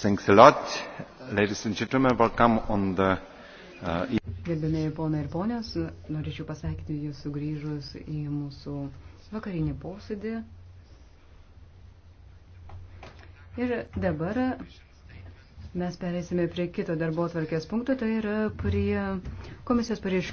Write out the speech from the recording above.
Thanks a lot. Ladies and gentlemen, welcome on the. Uh, e- Gerbėmėjai ponai ir ponios, norėčiau pasveikinti jūs sugrįžus į mūsų vakarinį posėdį. Ir dabar mes pereisime prie kito darbo atvarkės punkto, tai yra prie komisijos pareiškimo.